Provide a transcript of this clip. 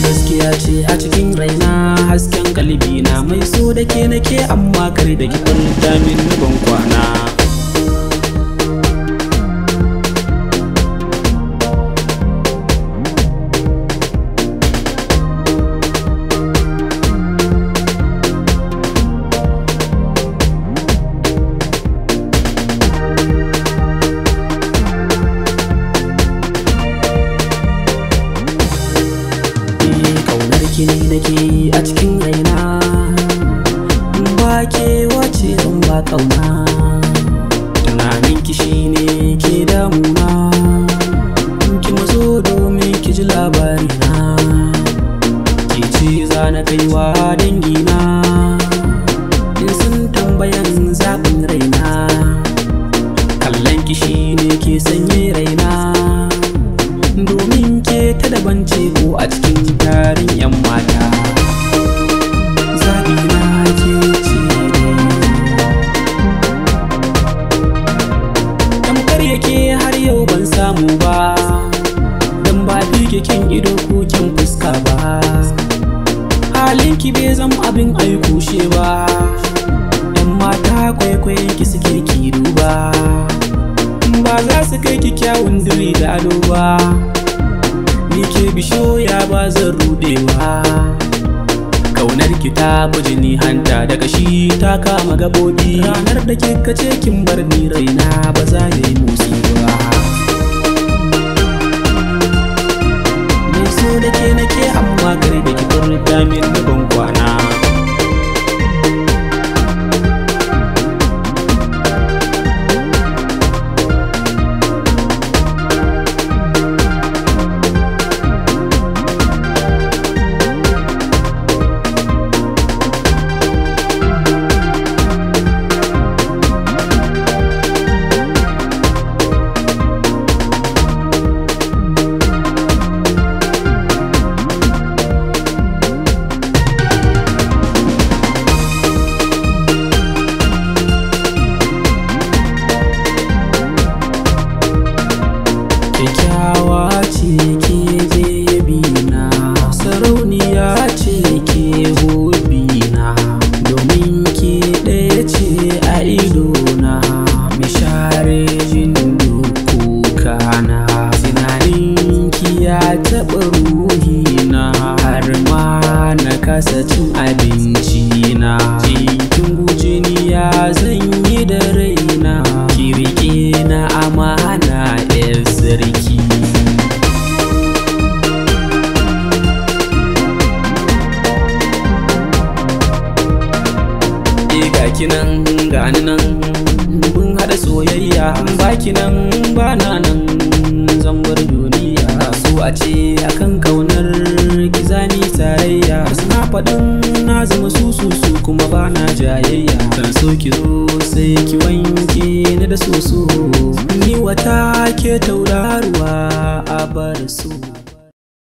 ta gaskiya ce a cikin raina hasken galibi na mai so da ke nake amma kar da gidan kwanta min ban kwana ki ne nake a cikin raina ba ke wace zan ba kauna tunanin ki shine ke damuna ki mazo domin ki ji labarina ki ce za na kaiwa dangina in sun tambayan zaɓa babban teku a cikin tarin 'yan mata zabina har yau ban samu ba don ba kin ido ko kin fuska ba halinki bai zama abin she ba 'yan mata kwaikwayon ki suke ki duba ba za su kai ki kyawun duri da ado ba bishoya ba zan rudewa kaunar ki ta bujini hanta daga shi ta kama gabobi ranar da kika ce kin bar ni raina ba za ya yi motsi ba mai so da ke nake amma kar da ki furta min da ban tunanin ki ya taɓa ruhi na har ma na kasa cin abinci na jikin gujini ya zanyi da raina kirki na amana yar sarki baki eh, nan gani nan mun haɗa soyayya baki nan bana nan zambar duniya so a ce akan kaunar kizani tarayya suna faɗin na zama su su kuma ba na jayayya kan so ki zo sai ki wanke na da soso ni wata ke tauraruwa a bar su.